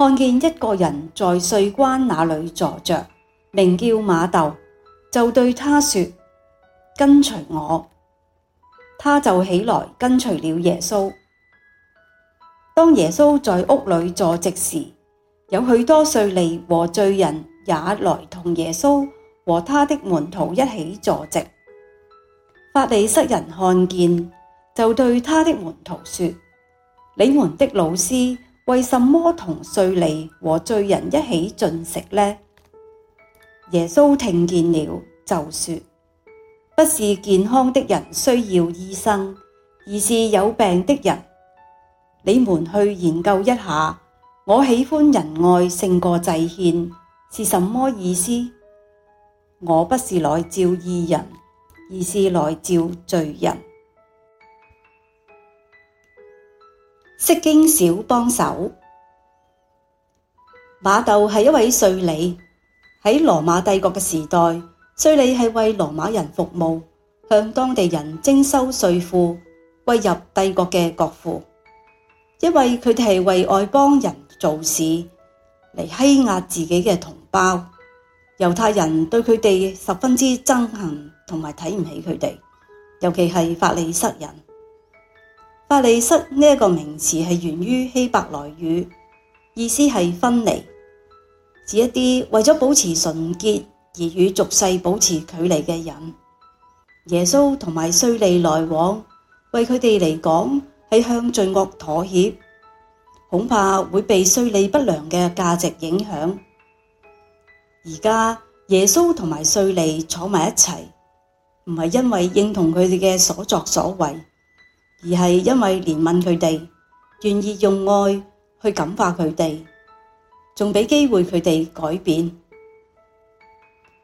看見一個人在稅關那裏坐着，名叫馬竇，就對他說：“跟隨我。”他就起來跟隨了耶穌。當耶穌在屋裏坐席時，有許多稅吏和罪人也來同耶穌和他的門徒一起坐席。法利塞人看見，就對他的門徒說：“你們的老師。”為什麼同稅吏和罪人一起進食呢？耶穌聽見了，就說：不是健康的人需要醫生，而是有病的人。你們去研究一下。我喜歡仁愛勝過祭獻是什麼意思？我不是來召義人，而是來召罪人。釋經小幫手。馬竇係一位稅吏，喺羅馬帝國嘅時代，稅吏係為羅馬人服務，向當地人徵收稅賦，歸入帝國嘅國庫。因為佢哋係為外邦人做事，嚟欺壓自己嘅同胞，猶太人對佢哋十分之憎恨，同埋睇唔起佢哋，尤其係法利塞人。法利塞呢一個名詞係源於希伯來語，意思係分離，指一啲為咗保持純潔而與俗世保持距離嘅人。耶穌同埋稅吏來往，為佢哋嚟講係向罪惡妥協，恐怕會被稅吏不良嘅價值影響。而家耶穌同埋稅吏坐埋一齊，唔係因為認同佢哋嘅所作所為。而係因為憐憫佢哋，願意用愛去感化佢哋，仲畀機會佢哋改變。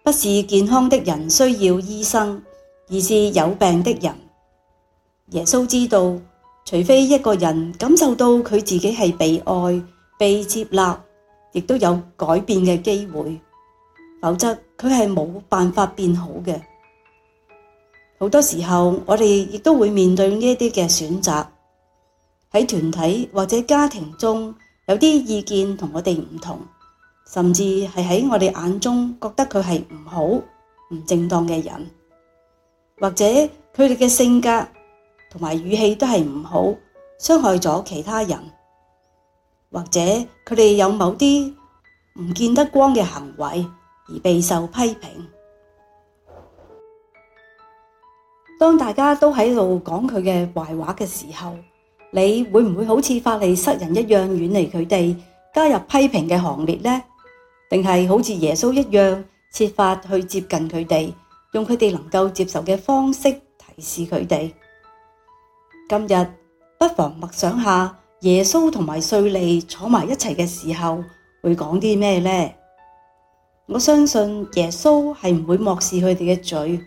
不是健康的人須要醫生，而是有病的人。耶穌知道，除非一個人感受到佢自己係被愛、被接納，亦都有改變嘅機會，否則佢係冇辦法變好嘅。好多時候，我哋亦都會面對呢一啲嘅選擇，喺團體或者家庭中，有啲意見同我哋唔同，甚至係喺我哋眼中覺得佢係唔好、唔正當嘅人，或者佢哋嘅性格同埋語氣都係唔好，傷害咗其他人，或者佢哋有某啲唔見得光嘅行為而備受批評。當大家都喺度講佢嘅壞話嘅時候，你會唔會好似法利塞人一樣遠離佢哋，加入批評嘅行列呢？定係好似耶穌一樣，設法去接近佢哋，用佢哋能夠接受嘅方式提示佢哋？今日不妨默想一下，耶穌同埋稅吏坐埋一齊嘅時候會講啲咩呢？我相信耶穌係唔會漠視佢哋嘅罪。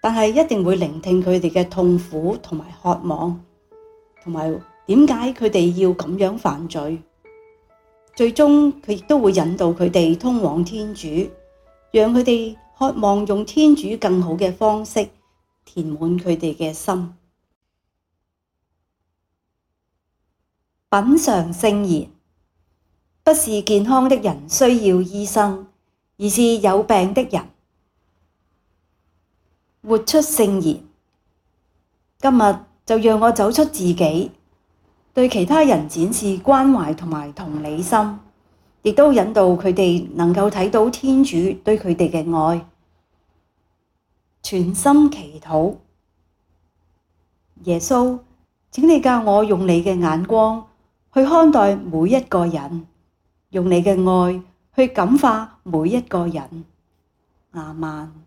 但係一定會聆聽佢哋嘅痛苦同埋渴望，同埋點解佢哋要咁樣犯罪？最終佢亦都會引導佢哋通往天主，讓佢哋渴望用天主更好嘅方式填滿佢哋嘅心，品嘗聖言。不是健康的人需要醫生，而是有病的人。活出聖言，今日就讓我走出自己，對其他人展示關懷同埋同理心，亦都引導佢哋能夠睇到天主對佢哋嘅愛。全心祈禱，耶穌，請你教我用你嘅眼光去看待每一個人，用你嘅愛去感化每一個人。阿們。